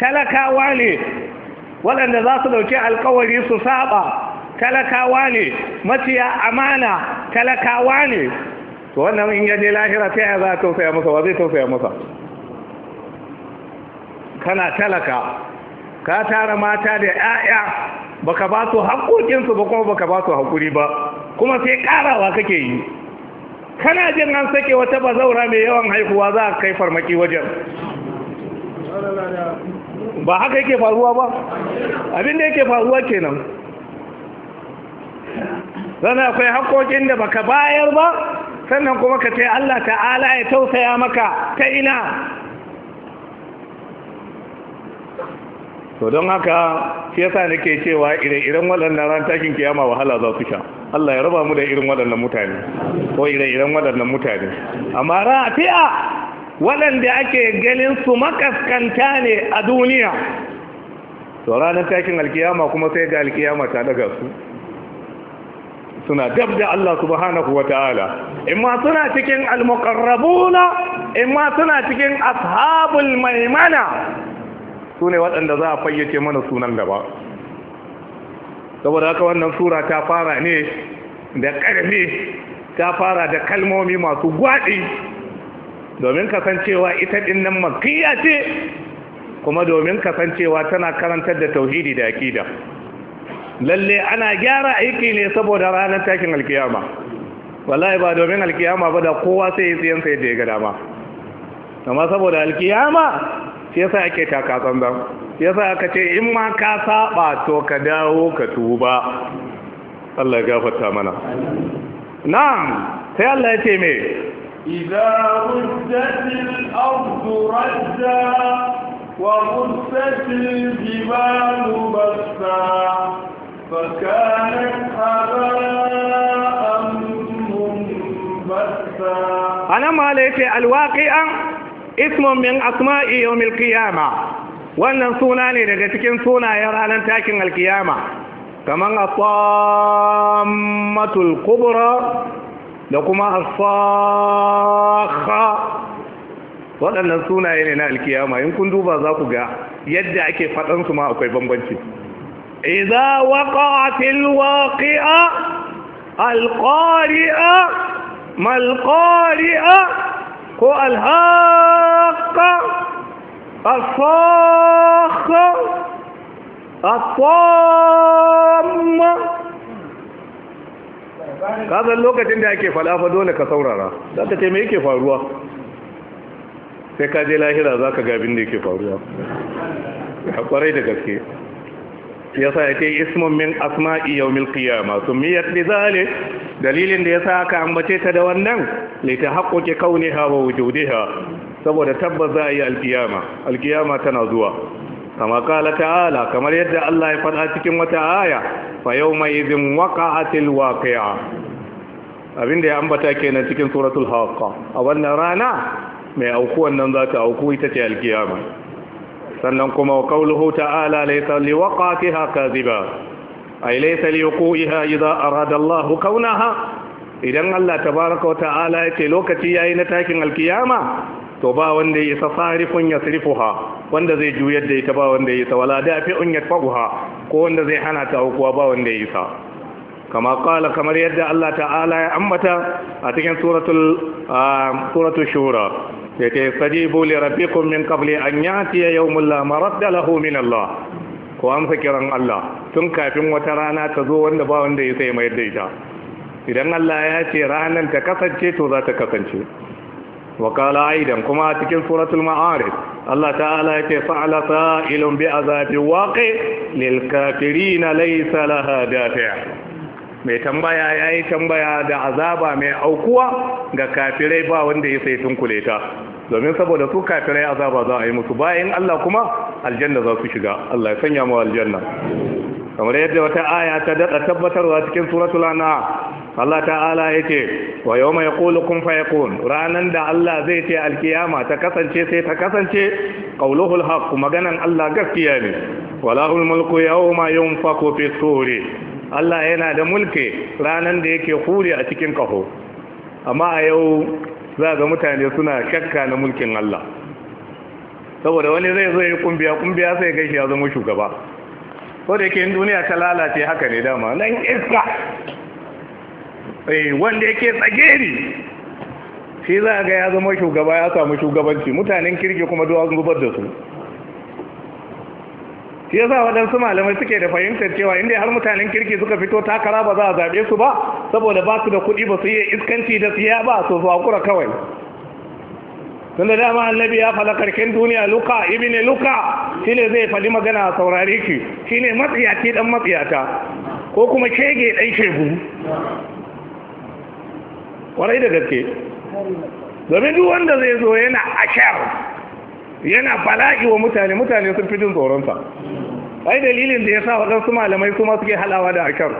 talakawa ne waɗanda za su ɗauki alkawari su saba talakawa ne maciya amana talakawa ne to wannan in yaje lahira ta yaya za a tausaya masa wa zai tausaya masa kana talaka ka tara mata da 'ya'ya baka ba su haƙoƙinsu ba kuma baka ba su haƙuri ba kuma sai ƙarawa kake yi kana jin an sake wata bazaura mai yawan haihuwa za a kai farmaki wajen ba haka yake faruwa ba abin da yake faruwa kenan zana akwai haƙoƙin da baka bayar ba sannan kuma ka ce Allah ta'ala ya tausaya maka ta ina to don haka shi yasa nake cewa ire-iren waɗannan ran takin kiyama wahala za su sha Allah ya raba mu da irin waɗannan mutane ko ire-iren waɗannan mutane amma rafi'a waɗanda ake ganin su makaskanta ne a duniya to ranar takin alkiyama kuma sai ga alkiyama ta daga su suna dab da Allah subhanahu wa ta'ala in ma suna cikin almuqarrabuna in ma suna cikin ashabul maimana su ne waɗanda za a fayyace mana sunan gaba saboda haka wannan sura ta fara ne da ƙarfi ta fara da kalmomi masu gwaɗi domin kasancewa ita ɗin nan makiyya ce kuma domin kasancewa tana karantar da tauhidi da akida lalle ana gyara aiki ne saboda ranar takin alkiyama wallahi ba domin alkiyama ba da kowa sai yi tsayensa yadda ya ga dama amma saboda alkiyama shi yasa ake taka tsantsan shi yasa aka ce in ma ka saba to ka dawo ka tuba Allah ya gafarta mana na'am sai Allah ya ce me idza rujjatil ardu rajja wa rujjatil jibalu basta fakanat haba'an munbasta ana ma la yace alwaqi'an ismun min asma'i yawmil qiyama wannan suna ne daga cikin sunayen ranar takin alkiyama kamar asammatul kubra da kuma asakha waɗannan sunaye ne na alkiyama in kun duba za ku ga yadda ake su ma akwai bambanci idza waqa'atil waqi'a alqari'a malqari'a ko alhaƙa asaka asamma kazan lokacin da ake falafa dole ka saurara za ka ce ke faruwa sai ka je lahira za ka gabin da ke faruwa a kwarai da gaske yasa ya ce ismun min asma'i yawmil qiyama sumiyat lidhalik dalilin da yasa aka ambace ta da wannan li kaune kauniha wa wujudiha saboda tabbas za a yi alkiyama alkiyama tana zuwa kama kala ta'ala kamar yadda Allah ya faɗa cikin wata aya fa yawma idhin waqa'atil waqi'a abinda ya ambata kenan cikin suratul haqqa a wannan rana mai aukuwan nan za ta auku ita ce alkiyama sannan kuma qauluhu ta'ala laysa liwaqatiha kadhiba ay laysa liwuqiha idza arada Allahu kaunaha idan Allah tabaaraka wa ta'ala yace lokaci yayi na takin alkiyama to ba wanda ya isa sarifun yasrifuha wanda zai juyar da ita ba wanda ya isa wala dafi'un yadfa'uha ko wanda zai hana ta hukuwa ba wanda ya isa kama kala kamar yadda Allah ta'ala ya ambata a cikin suratul ah, suratul shura yastajibu li rabbikum min qabli an yatiya yau la maradda lahu min Allah ko amsa kiran Allah tun kafin wata rana ta zo wanda ba wanda ya sai mayar da ita idan Allah ya ce ranar ta kasance to za ta kasance wakala aidan kuma a cikin suratul ma'arif Allah ta'ala yake fa'ala sa'ilun bi azabi waqi lil kafirin laysa laha dafi' mai tambaya yayi tambaya da azaba mai aukuwa ga kafirai ba wanda ya sai tunkule ta domin saboda su kafirai azaba za a yi musu bayan Allah kuma aljanna za su shiga Allah ya sanya mu aljanna kamar yadda wata aya ta dada tabbatarwa cikin suratul an'am Allah ta'ala yace wa yawma yaqulu kun fayakun ranan da Allah zai ce alkiyama ta kasance sai ta kasance qauluhul haqq maganan Allah gaskiya ne walahul mulku yawma yunfaku fi suri Allah yana da mulki ranan da yake hure a cikin kaho amma a yau za ga mutane suna shakka na mulkin Allah saboda wani zai zo ya kumbiya kumbiya sai kai ya zama shugaba ko da yake duniya ta lalace haka ne dama nan iska eh wanda yake tsageri shi za ga ya zama shugaba ya samu shugabanci mutanen kirki kuma duwa zubar da su shi yasa waɗansu malamai suke da fahimtar cewa inda har mutanen kirki suka fito takara ba za a zaɓe su ba saboda ba su da kuɗi ba su yi iskanci da siya ba su su hakura kawai tunda dama annabi ya faɗa karken duniya luka ibn luka shine zai faɗi magana a saurare ki shine matsiyaci dan matsiyata ko kuma shege dan shegu kwarai da gaske domin duk wanda zai zo yana ashar yana bala'i wa mutane mutane sun fi jin tsoronsa ai dalilin da ya sa waɗansu malamai kuma suke halawa da akar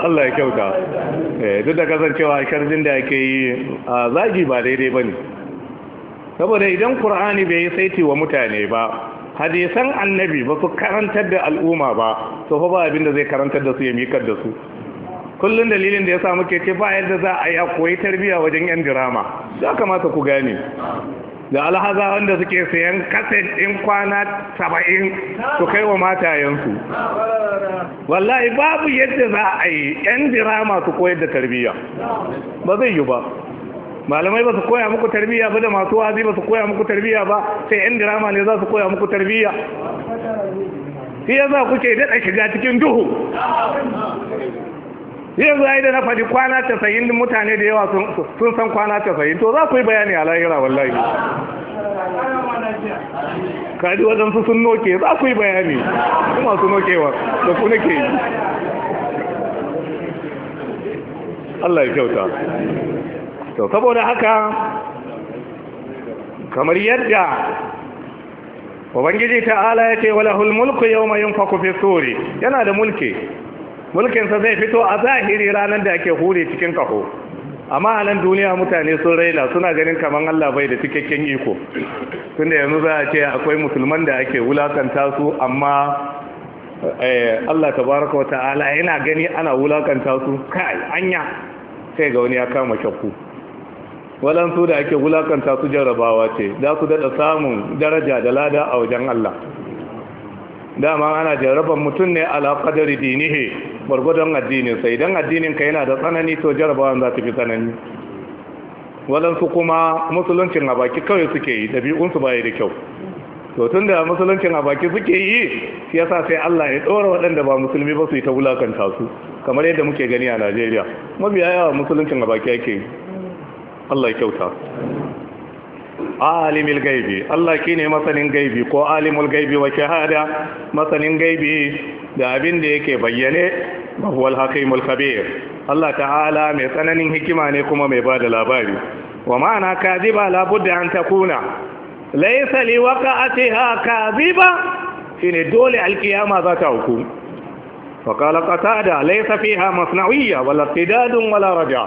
Allah ya kyauta eh, duk da kasancewa akar jin da ake yi a zagi ba daidai ba ne saboda idan ƙur'ani bai yi saiti wa mutane ba hadisan annabi ba su karantar da al'umma ba to fa ba abin zai karantar da su ya mikar da su kullum dalilin da ya sa muke ce ba yadda za a yi a koyi tarbiya wajen yan dirama ya kamata ku gani. da alhaza wanda suke sayan kaset ɗin kwana saba'in su kai wa matayensu wallahi babu yadda za a yi yan dirama su koyar da tarbiyya ba zai yi ba malamai ba su koya muku tarbiyya ba da masu wazi ba su koya muku tarbiyya ba sai yan dirama ne za su koya muku tarbiyya shi ya za kuke daɗa shiga cikin duhu yanzu yi da na faɗi kwana sayin mutane da yawa sun san kwana casa'in to za ku yi bayani a lahira wallahi kaji waɗansu sun noke za ku yi bayani su masu nokewa da ku nake yi Allah ya kyauta to saboda haka kamar yadda ubangiji ta'ala ya ce walahul mulku yawma yunfaku fi suri yana da mulki mulkinsa zai fito a zahiri ranar da ake hure cikin kaho amma a nan duniya mutane sun raina suna ganin kamar Allah bai da cikakken iko tunda yanzu za a ce akwai musulman da ake wulakanta su amma eh, Allah tabaraka wa ta'ala yana gani ana wulakanta su kai anya sai ga wani ya kama shakku walansu da ake wulakanta su jarrabawa ce za su daɗa samun daraja da lada a wajen Allah dama ana jarrabar mutum ne ala qadari dinihi gwargwadon addininsa idan addininka yana da tsanani to jarabawan za ta fi tsanani waɗansu kuma musuluncin a baki kawai suke yi ɗabi'unsu yi da kyau to tun da musuluncin a baki suke yi shi yasa sai Allah ya ɗora waɗanda ba musulmi ba su yi ta wulakanta su kamar yadda muke gani a Najeriya mabiya yawa musuluncin a baki ake yi Allah ya kyauta alimil gaibi Allah ne masanin gaibi ko alimul gaibi wa shahada masanin gaibi da abin da yake bayyane ba huwal hakimul Allah ta'ala mai tsananin hikima ne kuma mai ba da labari wa ma'ana kaziba labudda an takuna laysa li waqa'atiha kaziba dole alkiyama za ta huku fa qala qatada laysa fiha masnawiyya wala tidadun wala raja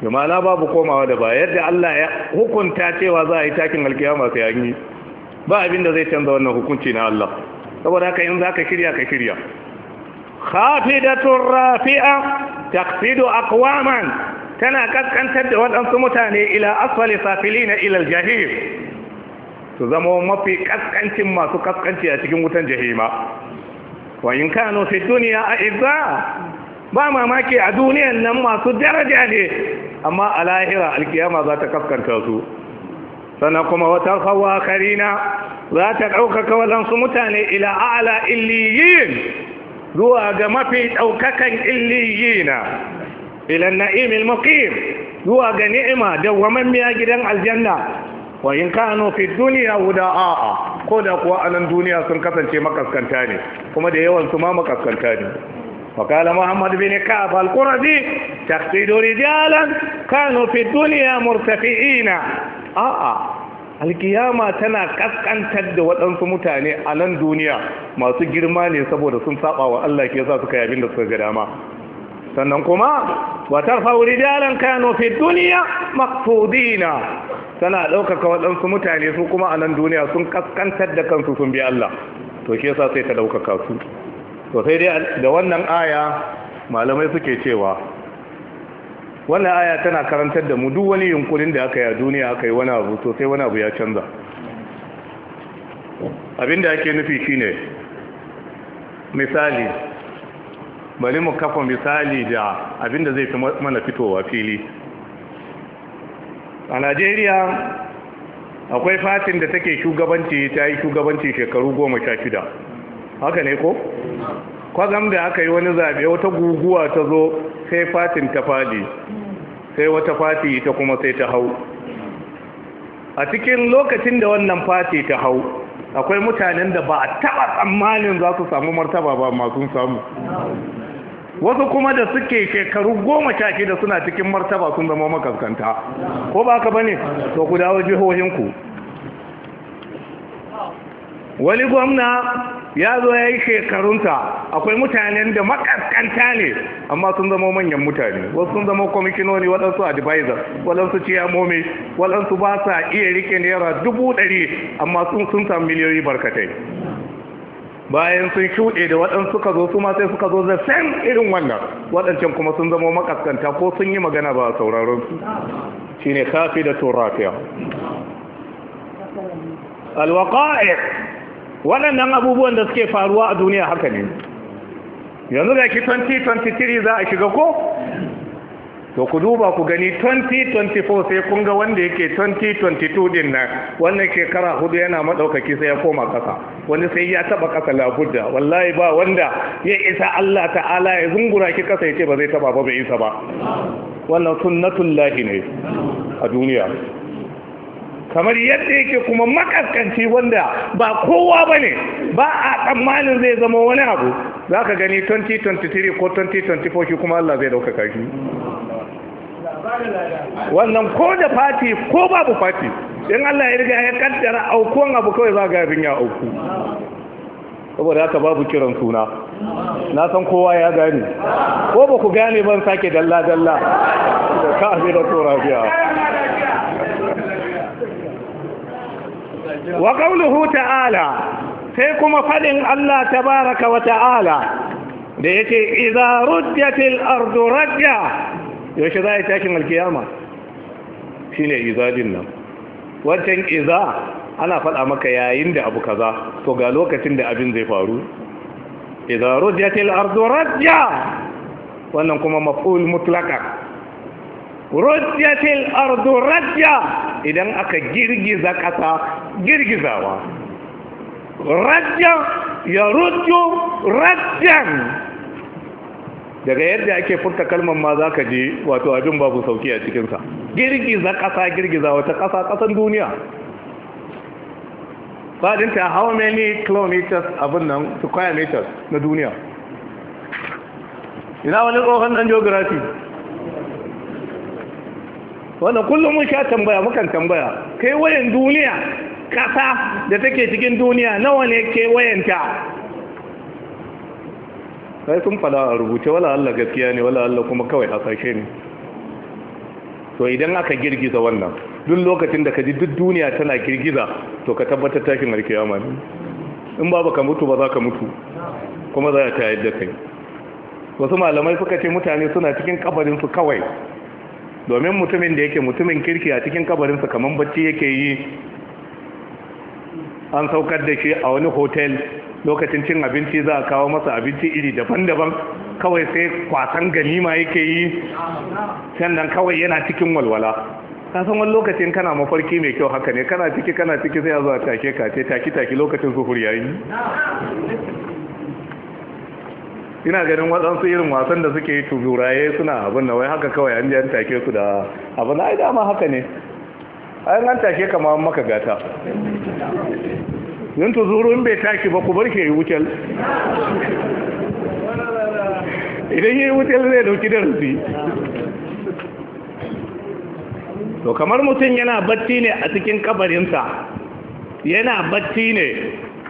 kuma babu komawa da ba yadda Allah ya hukunta cewa za a yi takin alkiyama sai an yi ba abin da zai canza wannan hukunci na Allah saboda haka in zaka shirya ka shirya khafidatur rafi'a taqsidu aqwaman tana kaskantar da waɗansu mutane ila asfali na ila aljahim su zama mafi kaskancin masu kaskanci a cikin wutan jahima wa in kanu duniya a a'izza ba mamaki a duniyan nan masu daraja ne amma a lahira alkiyama za ta kaskanta su sana kuma wata hawa karina za ta ɗaukaka waɗansu mutane ila a'ala illiyin zuwa ga mafi ɗaukakan illiyina ilan na'imil muqim zuwa ga ni'ima dawwamammiya gidan aljanna wa in kanu fi duniya wuda'a ko da kuwa anan duniya sun kasance makaskanta ne kuma da yawan su ma makaskanta ne وقال محمد بن كعب القرظي تقصد رجالا كانوا في الدنيا مرتفعين آه alkiyama tana kaskantar da waɗansu mutane a nan duniya masu girma ne saboda sun saba wa Allah ke sa suka yabin da suka ga dama sannan kuma wa tarfa rijalan kano fi duniya? maqsudina tana ɗaukaka waɗansu mutane su kuma a nan duniya sun kaskantar da kansu sun bi Allah to ke yasa sai ta ɗaukaka su to sai dai da wannan aya malamai suke cewa wannan aya tana karantar da mu duk wani yunkurin da aka yi a duniya aka yi wani abu to sai wani abu ya canza abinda ake nufi shine misali bari mu kafa misali da abinda zai fi mana fitowa fili a najeriya akwai fatin da take shugabanci ta yi shugabanci shekaru goma sha shida haka ne ko kwazam da aka yi wani zaɓe wata guguwa ta zo sai fatin ta fadi sai wata fati ita kuma sai ta hau a cikin lokacin da wannan fati ta hau akwai mutanen da ba a taɓa tsammanin za su samu martaba ba masu samu wasu kuma da suke shekaru goma sha shida suna cikin martaba sun zama makaskanta ko ba ka bane to ku dawo jihohinku wani gwamna ya zo ya yi shekarunta akwai mutanen da makaskanta ne amma sun zama manyan mutane wasu sun zama kwamishinoni waɗansu advisor waɗansu ciyamomi waɗansu ba sa iya rike naira dubu ɗari amma sun sun san miliyoyi barkatai bayan sun shuɗe da waɗansu suka zo su ma sai suka zo da san irin wannan waɗancan kuma sun zama makaskanta ko sun yi magana ba sauraron su shine kafi da turafiya alwaqa'i waɗannan abubuwan da suke faruwa a duniya haka ne yanzu da ki 2023 za a shiga ko to ku duba ku gani 2024 sai kun wanda yake 2022 din nan wannan shekara hudu yana maɗaukaki sai ya koma ƙasa. wani sai ya taba ƙasa labudda wallahi ba wanda ya isa Allah ta'ala ya zungura ki ya ce ba zai taba ba bai isa ba wannan tun lahi ne a duniya kamar yadda yake kuma makaskanci wanda ba kowa ba ne ba a tsammanin zai zama wani abu za ka gani 2023 ko 2024 shi kuma Allah zai ɗaukaka shi wannan ko da fati ko babu fati in Allah ya riga ya kaddara aukuwan abu kawai za ga abin ya auku saboda haka babu kiran suna na san kowa ya gani ko ba ku gane ban sake dalla-dalla da ka abin da biya. wa qawluhu ta'ala sai kuma faɗin Allah ta baraka wa ta'ala da yake idza rujjatil ardu rajja yaushe za a yi tashin alkiyama Shi ne din nan wancan idza ana faɗa maka yayin da abu kaza to ga lokacin da abin zai faru idza rujjatil ardu wannan kuma maf'ul Mutlaka. rujjatil ardu idan aka girgiza ƙasa girgizawa rajjan ya rujjo rajjan daga yadda ake furta kalmar ma za ka je wato abin babu sauki a cikinsa girgiza ƙasa girgiza wata ƙasa ƙasan duniya fadinta how many kilometers abin nan square meters na duniya ina wani tsohon ɗan geography wanda kullum mun sha tambaya mukan tambaya kewayen duniya Kasa da take cikin duniya nawa ne kewayenta sai sun fada a rubuce wala Allah gaskiya ne wala Allah kuma kawai hasashe ne to idan aka girgiza wannan duk lokacin da ka ji duk duniya tana girgiza to ka tabbatar tashin alkiyama ne in ba ka mutu ba za ka mutu kuma za ta yadda kai wasu malamai suka ce mutane suna cikin kabarin su kawai domin mutumin da yake mutumin kirki a cikin kabarinsa kamar bacci yake yi an saukar da shi a wani hotel lokacin cin abinci za a kawo masa abinci iri daban-daban kawai sai kwasan ganima yake yi sannan kawai yana cikin walwala kasan wani lokacin kana mafarki mai kyau haka ne kana ciki kana ciki sai a zuwa take kace take take lokacin zuhur yayi ina ganin waɗansu irin wasan da suke yi tuzuraye suna abin da wai haka kawai an ji an take su da abin da ai dama haka ne an an take kama maka gata yin tuzuru in bai taki ba ku bar ke yi wucel idan yi wucel zai dauki da rufi to kamar mutum yana batti ne a cikin kabarinsa yana batti ne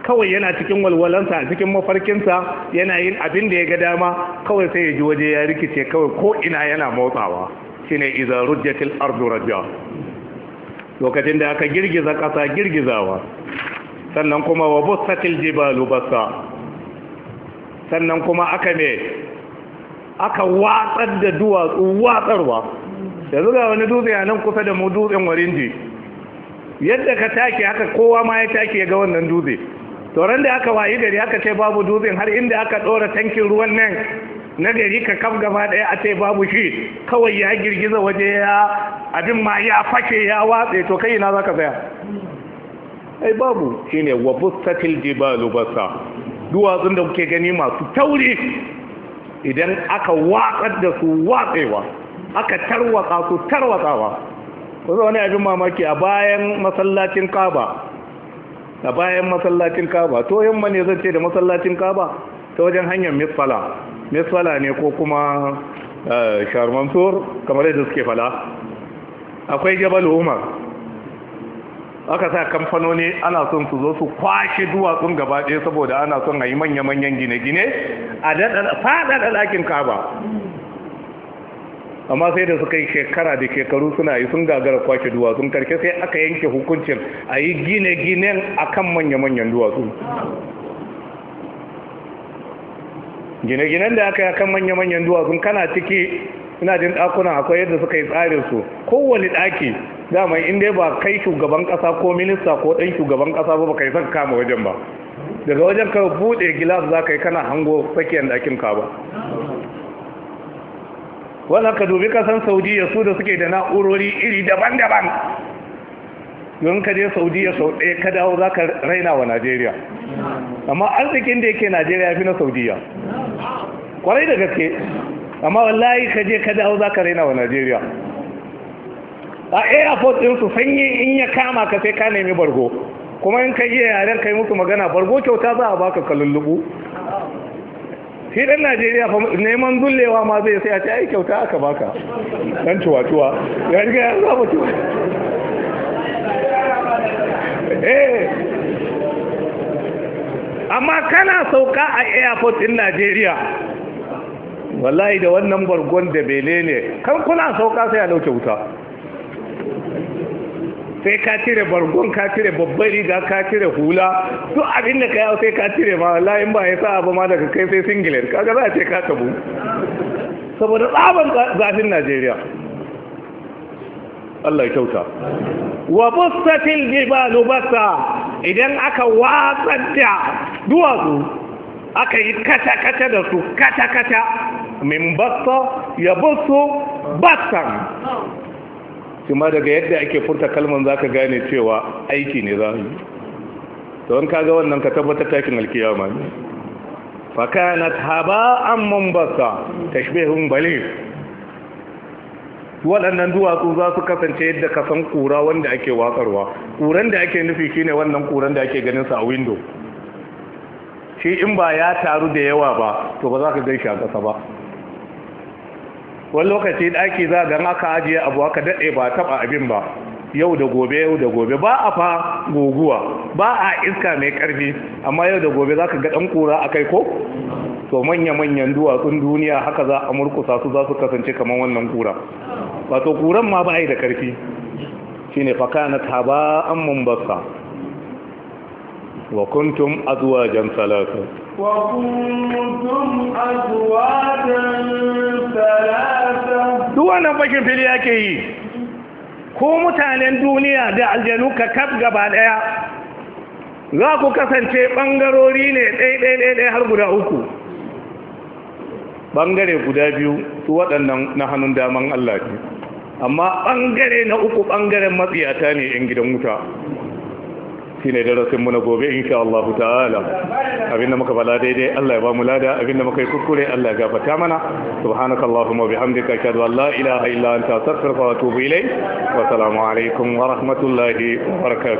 kawai yana cikin walwalansa a cikin mafarkinsa yana yin abin da ya ga dama kawai sai ya ji waje ya rikice kawai ko ina yana motsawa shine idza rujjatil ardu rajja lokacin da aka girgiza kasa girgizawa sannan kuma wa bussatil jibalu bassa sannan kuma aka ne aka watsar da duwatsu watsarwa yanzu ga wani dutse a nan kusa da mu dutsen warinji yadda ka take haka kowa ma ya take ga wannan dutse ran da aka wayi gari aka ce babu dutsen har inda aka ɗora tankin ruwan nan na gari ka kaf gaba ɗaya a ce babu shi kawai ya girgiza waje ya abin ma ya fashe ya watse to kai ina za ka tsaya ai babu shine wa bustatil jibalu basa duwatsun da kuke gani masu tauri idan aka watsar da su watsewa aka tarwatsa su tarwatsawa kusa wani abin mamaki a bayan masallacin kaba a bayan masallacin kaba to yamma ne zan ce da masallacin kaba ta wajen hanyar misfala misfala ne ko kuma eh, sharmantor kamar yadda suke fala akwai jabal umar aka sa kamfanoni ana son su zo su kwashe duwatsun gaba ɗaya saboda ana son a yi manya-manyan gine-gine a faɗaɗa ɗakin kaba amma sai da suka yi shekara da shekaru suna yi sun gagara kwace duwatsun karshe sai aka yanke hukuncin a yi gine-ginen a kan manya-manyan duwatsu gine-ginen da aka yi a kan manya-manyan duwatsun kana ciki ina jin ɗakunan akwai yadda suka yi tsarin su kowane ɗaki dama in dai ba kai shugaban ƙasa ko minista ko ɗan shugaban ƙasa ba ba kai son kama wajen ba daga wajen ka buɗe gilas za ka yi kana hango tsakiyar ɗakin ka ba wanda ka dubi kasan saudiya su da suke da na'urori iri daban-daban don ka je saudiya sau ɗaya ka dawo za ka raina wa najeriya amma arzikin da yake najeriya fi na saudiya kwarai da gaske amma wallahi ka je ka dawo za ka raina wa najeriya a airport su sanyi in ya kama ka sai ka nemi bargo kuma in ka iya yaren kai musu magana bargo kyauta za a baka kalullubu shi ɗan najeriya neman zullewa ma zai sai a ce ai kyauta aka baka ɗan tuwa-tuwa ya riga ya zama tuwa eh. amma kana sauka a airport din najeriya wallahi da wannan bargon da bele ne kan kuna sauka sai a lauke wuta sai ka cire bargon ka cire babbar riga ka cire hula duk abin da ka yau sai ka cire ma layin ba ya sa ba ma daga kai sai singlet kaga za a ce ka tabu saboda tsaban zafin Najeriya Allah ya kyauta wa bussatil jibalu bassa idan aka watsar da duwatsu aka yi kata-kata da su kata-kata min bassa ya bussu bassan kuma daga yadda ake furta kalman za ka gane cewa aiki ne za yi wani kaga wannan ka tabbatar takin alkiyama ne fakanat an mambasa tashbihun bale. waɗannan duwatsu za su kasance yadda ka san kura wanda ake watsarwa kuran da ake nufi shine wannan kuran da ake ganin sa a window shi in ba ya taru da yawa ba to ba za ka gaishe a ƙasa ba wani lokaci ɗaki za ga aka ajiye abu aka daɗe ba taɓa abin ba yau da gobe yau da gobe ba a fa guguwa ba a iska mai ƙarfi amma yau da gobe za ka ga ɗan kura a kai ko to manya-manyan duwatsun duniya haka za a murkusa su za su kasance kamar wannan kura wato kuran ma ba a yi da ƙarfi Shi ne faka na taba an mumbasa wa kuntum jan salatu duk wannan bakin fili yake yi ko mutanen duniya da aljanu ka kaf gaba daya za ku kasance bangarori ne ɗaiɗaiɗaiɗai har guda uku bangare guda biyu su waɗannan na hannun daman Allah ne amma bangare na uku bangaren matsiyata ne 'yan gidan wuta shine darasin mu na gobe insha Allah ta'ala abinda muka bala daidai Allah ya ba mu lada abinda muka yi kuskure Allah ya gafarta mana subhanakallahumma wa bihamdika ashhadu an la ilaha illa anta astaghfiruka wa atubu ilayk wa assalamu alaikum wa rahmatullahi wa barakatuh